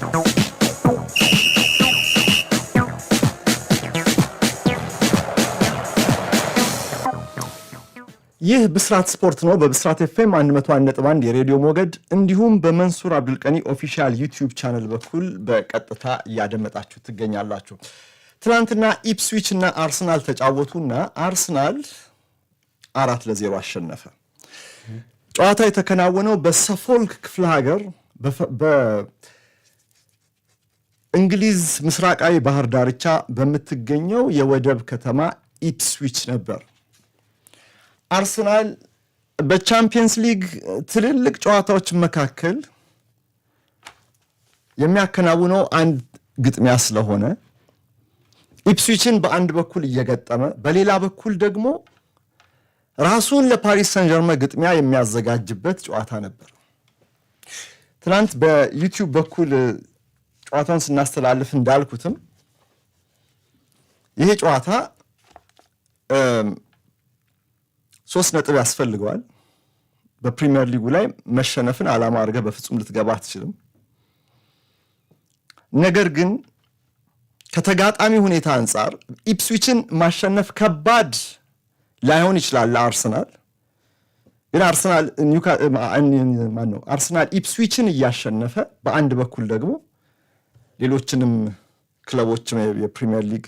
ይህ ብስራት ስፖርት ነው። በብስራት ኤፍኤም 101.1 የሬዲዮ ሞገድ እንዲሁም በመንሱር አብዱልቀኒ ኦፊሻል ዩቲዩብ ቻነል በኩል በቀጥታ እያደመጣችሁ ትገኛላችሁ። ትናንትና ኢፕስዊች እና አርሰናል ተጫወቱና አርሰናል አራት ለዜሮ አሸነፈ። ጨዋታ የተከናወነው በሰፎልክ ክፍለ ሀገር እንግሊዝ ምስራቃዊ ባህር ዳርቻ በምትገኘው የወደብ ከተማ ኢፕስዊች ነበር። አርሰናል በቻምፒየንስ ሊግ ትልልቅ ጨዋታዎች መካከል የሚያከናውነው አንድ ግጥሚያ ስለሆነ ኢፕስዊችን በአንድ በኩል እየገጠመ በሌላ በኩል ደግሞ ራሱን ለፓሪስ ሰንጀርመ ግጥሚያ የሚያዘጋጅበት ጨዋታ ነበር። ትናንት በዩቲዩብ በኩል ጨዋታውን ስናስተላልፍ እንዳልኩትም ይሄ ጨዋታ ሶስት ነጥብ ያስፈልገዋል። በፕሪሚየር ሊጉ ላይ መሸነፍን ዓላማ አድርገህ በፍጹም ልትገባ አትችልም። ነገር ግን ከተጋጣሚ ሁኔታ አንጻር ኢፕስዊችን ማሸነፍ ከባድ ላይሆን ይችላል ለአርሰናል። ግን አርሰናል ኢፕስዊችን እያሸነፈ በአንድ በኩል ደግሞ ሌሎችንም ክለቦችም የፕሪሚየር ሊግ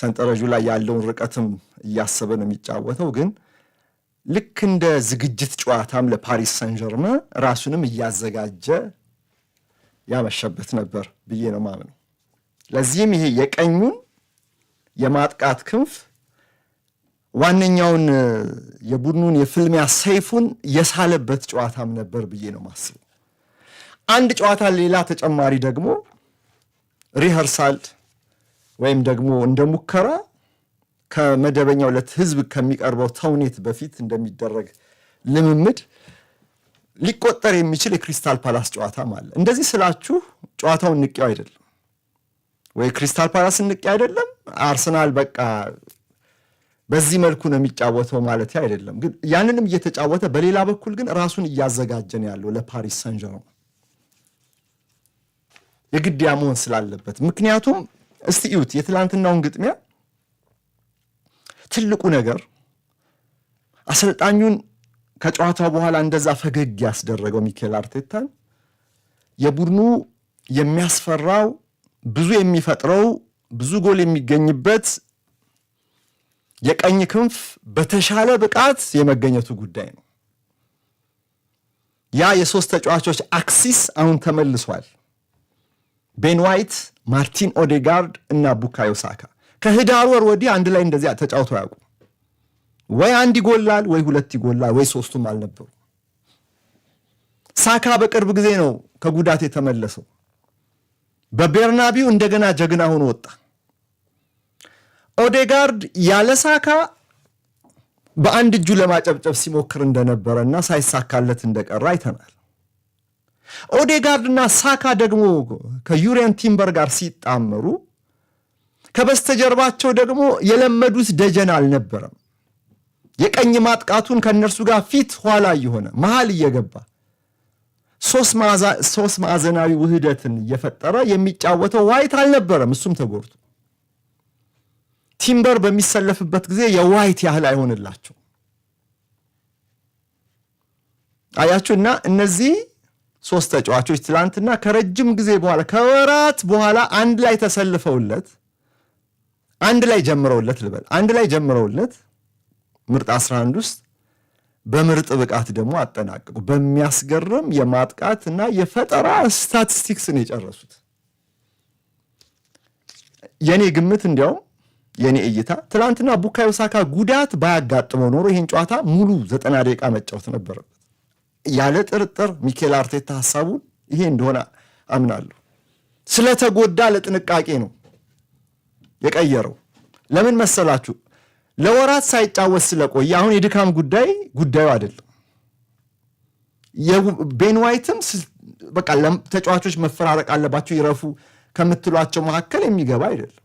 ሰንጠረዡ ላይ ያለውን ርቀትም እያሰበ ነው የሚጫወተው። ግን ልክ እንደ ዝግጅት ጨዋታም ለፓሪስ ሰንጀርመ ራሱንም እያዘጋጀ ያመሸበት ነበር ብዬ ነው ማምነው። ለዚህም ይሄ የቀኙን የማጥቃት ክንፍ ዋነኛውን የቡድኑን የፍልሚያ ሰይፉን የሳለበት ጨዋታም ነበር ብዬ ነው ማስበው። አንድ ጨዋታ ሌላ ተጨማሪ ደግሞ ሪኸርሳል ወይም ደግሞ እንደ ሙከራ ከመደበኛው ለህዝብ ከሚቀርበው ተውኔት በፊት እንደሚደረግ ልምምድ ሊቆጠር የሚችል የክሪስታል ፓላስ ጨዋታም አለ። እንደዚህ ስላችሁ ጨዋታውን ንቄው አይደለም ወይ ክሪስታል ፓላስ ንቄ አይደለም፣ አርሰናል በቃ በዚህ መልኩ ነው የሚጫወተው ማለት አይደለም። ግን ያንንም እየተጫወተ በሌላ በኩል ግን ራሱን እያዘጋጀ ነው ያለው ለፓሪስ ሰንጀርማ የግድያ መሆን ስላለበት ምክንያቱም እስቲ እዩት የትላንትናውን ግጥሚያ ትልቁ ነገር አሰልጣኙን ከጨዋታ በኋላ እንደዛ ፈገግ ያስደረገው ሚኬል አርቴታን የቡድኑ የሚያስፈራው ብዙ የሚፈጥረው ብዙ ጎል የሚገኝበት የቀኝ ክንፍ በተሻለ ብቃት የመገኘቱ ጉዳይ ነው። ያ የሶስት ተጫዋቾች አክሲስ አሁን ተመልሷል። ቤን ዋይት፣ ማርቲን ኦዴጋርድ እና ቡካዮ ሳካ ከህዳር ወር ወዲህ አንድ ላይ እንደዚያ ተጫውተው ያውቁ ወይ አንድ ይጎላል ወይ ሁለት ይጎላል ወይ ሶስቱም አልነበሩ። ሳካ በቅርብ ጊዜ ነው ከጉዳት የተመለሰው። በቤርናቢው እንደገና ጀግና ሆኖ ወጣ። ኦዴጋርድ ያለ ሳካ በአንድ እጁ ለማጨብጨብ ሲሞክር እንደነበረ እና ሳይሳካለት እንደቀረ አይተናል። ኦዴጋርድ እና ሳካ ደግሞ ከዩሪያን ቲምበር ጋር ሲጣመሩ ከበስተጀርባቸው ደግሞ የለመዱት ደጀን አልነበረም። የቀኝ ማጥቃቱን ከእነርሱ ጋር ፊት ኋላ እየሆነ መሀል እየገባ ሶስት ማዕዘናዊ ውህደትን እየፈጠረ የሚጫወተው ዋይት አልነበረም። እሱም ተጎድቶ ቲምበር በሚሰለፍበት ጊዜ የዋይት ያህል አይሆንላቸው አያችሁ እና እነዚህ ሶስት ተጫዋቾች ትላንትና ከረጅም ጊዜ በኋላ ከወራት በኋላ አንድ ላይ ተሰልፈውለት አንድ ላይ ጀምረውለት ልበል አንድ ላይ ጀምረውለት ምርጥ 11 ውስጥ በምርጥ ብቃት ደግሞ አጠናቀቁ። በሚያስገርም የማጥቃት እና የፈጠራ ስታቲስቲክስን የጨረሱት የኔ ግምት እንዲያውም የኔ እይታ ትላንትና ቡካዮ ሳካ ጉዳት ባያጋጥመው ኖሮ ይህን ጨዋታ ሙሉ ዘጠና ደቂቃ መጫወት ነበር። ያለ ጥርጥር ሚኬል አርቴታ ሀሳቡን ይሄ እንደሆነ አምናለሁ። ስለተጎዳ ለጥንቃቄ ነው የቀየረው። ለምን መሰላችሁ? ለወራት ሳይጫወት ስለቆየ አሁን የድካም ጉዳይ ጉዳዩ አይደለም። ቤን ዋይትም በቃ ተጫዋቾች መፈራረቅ አለባቸው ይረፉ ከምትሏቸው መካከል የሚገባ አይደለም።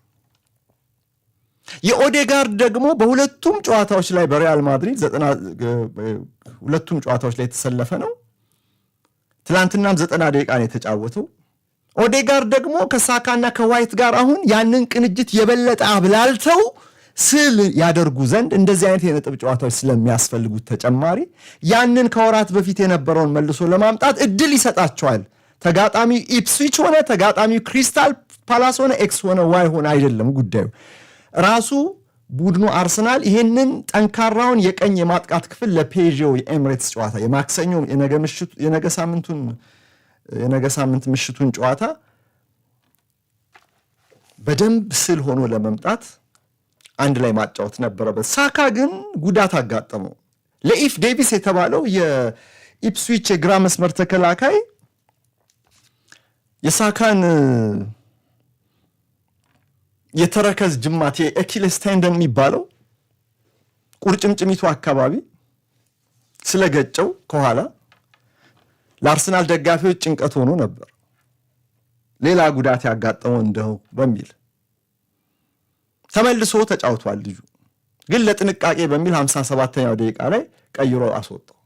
የኦዴጋርድ ደግሞ በሁለቱም ጨዋታዎች ላይ በሪያል ማድሪድ ሁለቱም ጨዋታዎች ላይ የተሰለፈ ነው። ትላንትናም ዘጠና ደቂቃ ነው የተጫወተው። ኦዴጋርድ ደግሞ ከሳካና ከዋይት ጋር አሁን ያንን ቅንጅት የበለጠ አብላልተው ስል ያደርጉ ዘንድ እንደዚህ አይነት የነጥብ ጨዋታዎች ስለሚያስፈልጉት ተጨማሪ ያንን ከወራት በፊት የነበረውን መልሶ ለማምጣት እድል ይሰጣቸዋል። ተጋጣሚው ኢፕስዊች ሆነ ተጋጣሚው ክሪስታል ፓላስ ሆነ ኤክስ ሆነ ዋይ ሆነ አይደለም ጉዳዩ ራሱ ቡድኑ አርሰናል ይህንን ጠንካራውን የቀኝ የማጥቃት ክፍል ለፔዥው የኤምሬትስ ጨዋታ የማክሰኞ የነገ ሳምንቱን የነገ ሳምንት ምሽቱን ጨዋታ በደንብ ስል ሆኖ ለመምጣት አንድ ላይ ማጫወት ነበረበት። ሳካ ግን ጉዳት አጋጠመው። ለኢፍ ዴቪስ የተባለው የኢፕስዊች የግራ መስመር ተከላካይ የሳካን የተረከዝ ጅማት የአኪሌስ ቴንደን የሚባለው ቁርጭምጭሚቱ አካባቢ ስለገጨው ከኋላ ለአርሰናል ደጋፊዎች ጭንቀት ሆኖ ነበር። ሌላ ጉዳት ያጋጠመው እንደው በሚል ተመልሶ ተጫውቷል። ልጁ ግን ለጥንቃቄ በሚል 57ኛው ደቂቃ ላይ ቀይሮ አስወጣው።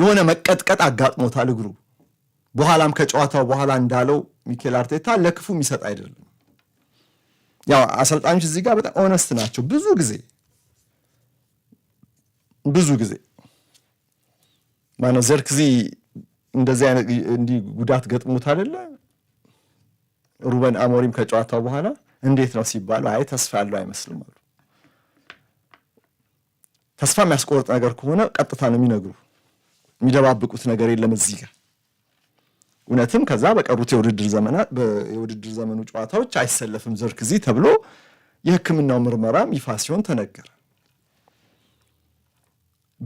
የሆነ መቀጥቀጥ አጋጥሞታል እግሩ። በኋላም ከጨዋታው በኋላ እንዳለው ሚኬል አርቴታ ለክፉ የሚሰጥ አይደለም ያው አሰልጣኞች እዚህ ጋር በጣም ኦነስት ናቸው። ብዙ ጊዜ ብዙ ጊዜ ማነው ዘርክዚ እንደዚህ አይነት እንዲህ ጉዳት ገጥሞት አይደለ? ሩበን አሞሪም ከጨዋታው በኋላ እንዴት ነው ሲባሉ አይ ተስፋ ያለው አይመስልም አሉ። ተስፋ የሚያስቆርጥ ነገር ከሆነ ቀጥታ ነው የሚነግሩ። የሚደባብቁት ነገር የለም እዚህ ጋር እውነትም ከዛ በቀሩት የውድድር ዘመኑ ጨዋታዎች አይሰለፍም ዘርክዚ ተብሎ የሕክምናው ምርመራም ይፋ ሲሆን ተነገረ።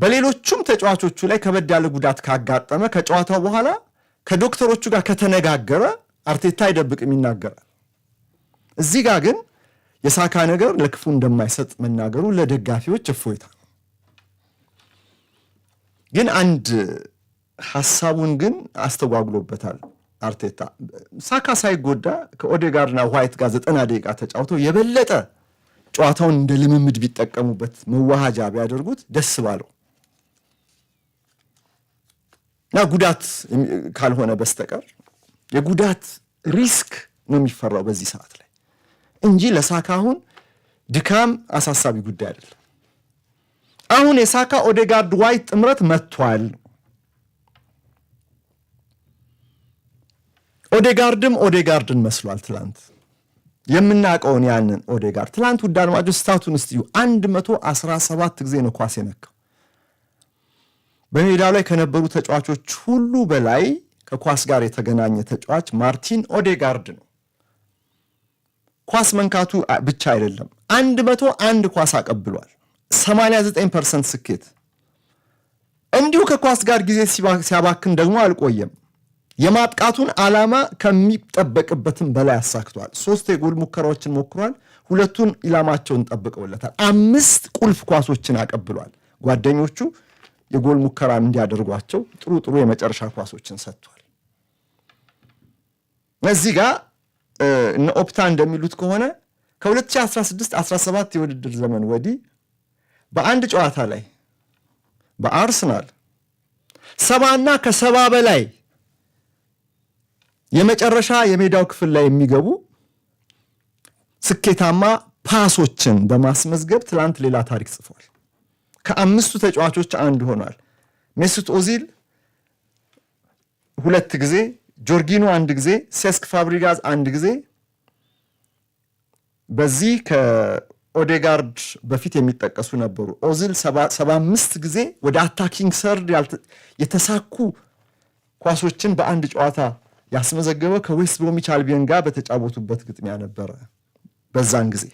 በሌሎቹም ተጫዋቾቹ ላይ ከበድ ያለ ጉዳት ካጋጠመ ከጨዋታው በኋላ ከዶክተሮቹ ጋር ከተነጋገረ አርቴታ አይደብቅም፣ ይናገራል። እዚህ ጋር ግን የሳካ ነገር ለክፉ እንደማይሰጥ መናገሩ ለደጋፊዎች እፎይታ ነው። ግን አንድ ሀሳቡን ግን አስተጓጉሎበታል። አርቴታ ሳካ ሳይጎዳ ከኦዴጋርና ዋይት ጋር ዘጠና ደቂቃ ተጫውተው የበለጠ ጨዋታውን እንደ ልምምድ ቢጠቀሙበት መዋሃጃ ቢያደርጉት ደስ ባለው እና ጉዳት ካልሆነ በስተቀር የጉዳት ሪስክ ነው የሚፈራው በዚህ ሰዓት ላይ እንጂ ለሳካ አሁን ድካም አሳሳቢ ጉዳይ አይደለም። አሁን የሳካ ኦዴጋርድ ዋይት ጥምረት መጥቷል። ኦዴጋርድም ኦዴጋርድን መስሏል። ትላንት የምናውቀውን ያንን ኦዴጋርድ ትላንት ውድ አድማጮች ስታቱን ስትዩ 117 ጊዜ ነው ኳስ የነካው። በሜዳው ላይ ከነበሩ ተጫዋቾች ሁሉ በላይ ከኳስ ጋር የተገናኘ ተጫዋች ማርቲን ኦዴጋርድ ነው። ኳስ መንካቱ ብቻ አይደለም፣ 101 ኳስ አቀብሏል። 89 ፐርሰንት ስኬት። እንዲሁ ከኳስ ጋር ጊዜ ሲያባክን ደግሞ አልቆየም። የማጥቃቱን ዓላማ ከሚጠበቅበትም በላይ አሳክቷል። ሶስት የጎል ሙከራዎችን ሞክሯል። ሁለቱን ኢላማቸውን ጠብቀውለታል። አምስት ቁልፍ ኳሶችን አቀብሏል። ጓደኞቹ የጎል ሙከራ እንዲያደርጓቸው ጥሩ ጥሩ የመጨረሻ ኳሶችን ሰጥቷል። እዚህ ጋር እነ ኦፕታ እንደሚሉት ከሆነ ከ2016 17 የውድድር ዘመን ወዲህ በአንድ ጨዋታ ላይ በአርሰናል ሰባና ከሰባ በላይ የመጨረሻ የሜዳው ክፍል ላይ የሚገቡ ስኬታማ ፓሶችን በማስመዝገብ ትላንት ሌላ ታሪክ ጽፏል። ከአምስቱ ተጫዋቾች አንዱ ሆኗል። ሜሱት ኦዚል ሁለት ጊዜ፣ ጆርጊኖ አንድ ጊዜ፣ ሴስክ ፋብሪጋዝ አንድ ጊዜ በዚህ ከኦዴጋርድ በፊት የሚጠቀሱ ነበሩ። ኦዚል ሰባ አምስት ጊዜ ወደ አታኪንግ ሰርድ የተሳኩ ኳሶችን በአንድ ጨዋታ ያስመዘገበው ከዌስት ብሮሚች አልቢዮን ጋር በተጫወቱበት ግጥሚያ ነበረ። በዛን ጊዜ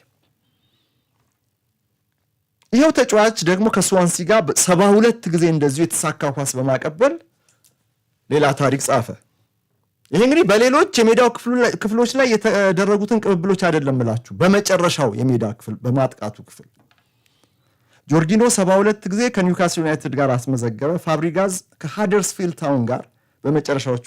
ይኸው ተጫዋች ደግሞ ከስዋንሲ ጋር ሰባ ሁለት ጊዜ እንደዚሁ የተሳካ ኳስ በማቀበል ሌላ ታሪክ ጻፈ። ይሄ እንግዲህ በሌሎች የሜዳው ክፍሎች ላይ የተደረጉትን ቅብብሎች አይደለም እላችሁ፣ በመጨረሻው የሜዳ ክፍል በማጥቃቱ ክፍል ጆርጊኖ 72 ጊዜ ከኒውካስል ዩናይትድ ጋር አስመዘገበ። ፋብሪጋዝ ከሃደርስፊልድ ታውን ጋር በመጨረሻዎቹ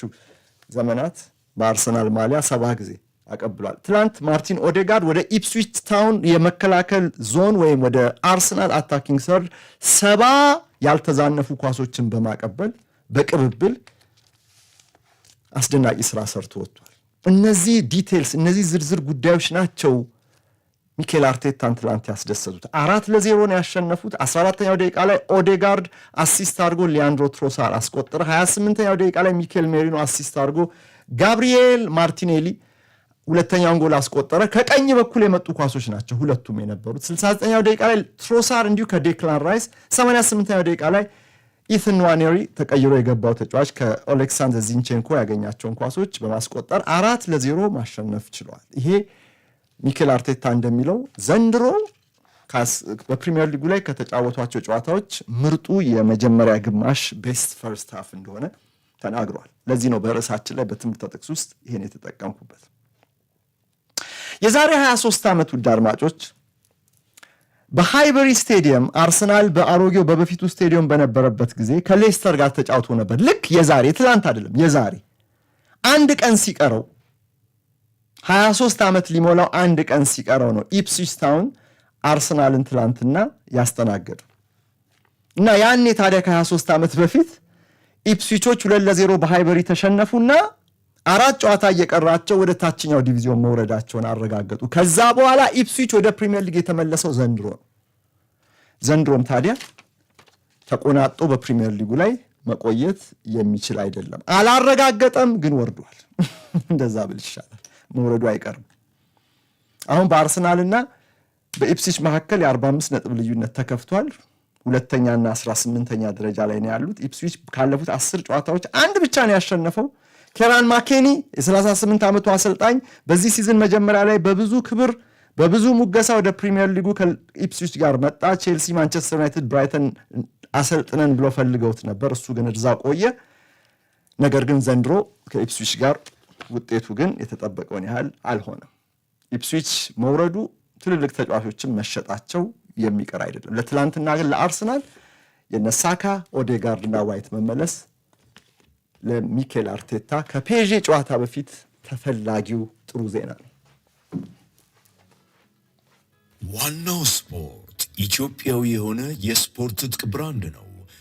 ዘመናት በአርሰናል ማሊያ ሰባ ጊዜ አቀብሏል። ትላንት ማርቲን ኦዴጋርድ ወደ ኢፕስዊች ታውን የመከላከል ዞን ወይም ወደ አርሰናል አታኪንግ ሰርድ ሰባ ያልተዛነፉ ኳሶችን በማቀበል በቅብብል አስደናቂ ስራ ሰርቶ ወጥቷል። እነዚህ ዲቴልስ፣ እነዚህ ዝርዝር ጉዳዮች ናቸው ሚኬል አርቴታን ትላንት ያስደሰቱት አራት ለዜሮ ነው ያሸነፉት። 14ተኛው ደቂቃ ላይ ኦዴጋርድ አሲስት አድርጎ ሊያንድሮ ትሮሳር አስቆጠረ። 28ኛው ደቂቃ ላይ ሚኬል ሜሪኖ አሲስት አድርጎ ጋብሪኤል ማርቲኔሊ ሁለተኛውን ጎል አስቆጠረ። ከቀኝ በኩል የመጡ ኳሶች ናቸው ሁለቱም የነበሩት። 69ኛው ደቂቃ ላይ ትሮሳር እንዲሁ ከዴክላን ራይስ፣ 88ኛው ደቂቃ ላይ ኢትን ዋኔሪ ተቀይሮ የገባው ተጫዋች ከኦሌክሳንደር ዚንቼንኮ ያገኛቸውን ኳሶች በማስቆጠር አራት ለዜሮ ማሸነፍ ችለዋል። ይሄ ሚኬል አርቴታ እንደሚለው ዘንድሮ በፕሪሚየር ሊጉ ላይ ከተጫወቷቸው ጨዋታዎች ምርጡ የመጀመሪያ ግማሽ ቤስት ፈርስት ሀፍ እንደሆነ ተናግሯል። ለዚህ ነው በርዕሳችን ላይ በትምህርት ጥቅስ ውስጥ ይሄን የተጠቀምኩበት። የዛሬ 23 ዓመት ውድ አድማጮች በሃይበሪ ስቴዲየም አርሰናል በአሮጌው በበፊቱ ስቴዲየም በነበረበት ጊዜ ከሌስተር ጋር ተጫውቶ ነበር። ልክ የዛሬ ትላንት አይደለም፣ የዛሬ አንድ ቀን ሲቀረው 23 ዓመት ሊሞላው አንድ ቀን ሲቀረው ነው ኢፕስዊች ታውን አርሰናልን ትላንትና ያስተናገዱ እና ያኔ ታዲያ ከ23 ዓመት በፊት ኢፕስዊቾች ሁለት ለዜሮ በሃይበሪ ተሸነፉና አራት ጨዋታ እየቀራቸው ወደ ታችኛው ዲቪዚዮን መውረዳቸውን አረጋገጡ። ከዛ በኋላ ኢፕስዊች ወደ ፕሪሚየር ሊግ የተመለሰው ዘንድሮ ነው። ዘንድሮም ታዲያ ተቆናጦ በፕሪሚየር ሊጉ ላይ መቆየት የሚችል አይደለም። አላረጋገጠም፣ ግን ወርዷል። እንደዛ ብል ይሻላል። መውረዱ አይቀርም። አሁን በአርሰናልና በኢፕሲች መካከል የ45 ነጥብ ልዩነት ተከፍቷል። ሁለተኛና 18ኛ ደረጃ ላይ ነው ያሉት። ኢፕስዊች ካለፉት አስር ጨዋታዎች አንድ ብቻ ነው ያሸነፈው። ኬራን ማኬኒ የ38 ዓመቱ አሰልጣኝ በዚህ ሲዝን መጀመሪያ ላይ በብዙ ክብር በብዙ ሙገሳ ወደ ፕሪሚየር ሊጉ ከኢፕስዊች ጋር መጣ። ቼልሲ፣ ማንቸስተር ዩናይትድ፣ ብራይተን አሰልጥነን ብሎ ፈልገውት ነበር። እሱ ግን እዛ ቆየ። ነገር ግን ዘንድሮ ከኢፕስዊች ጋር ውጤቱ ግን የተጠበቀውን ያህል አልሆነም። ኢፕስዊች መውረዱ ትልልቅ ተጫዋቾችን መሸጣቸው የሚቀር አይደለም። ለትላንትና ግን ለአርሰናል የነሳካ ኦዴጋርድና ዋይት መመለስ ለሚኬል አርቴታ ከፔዥ ጨዋታ በፊት ተፈላጊው ጥሩ ዜና ነው። ዋናው ስፖርት ኢትዮጵያዊ የሆነ የስፖርት ትጥቅ ብራንድ ነው።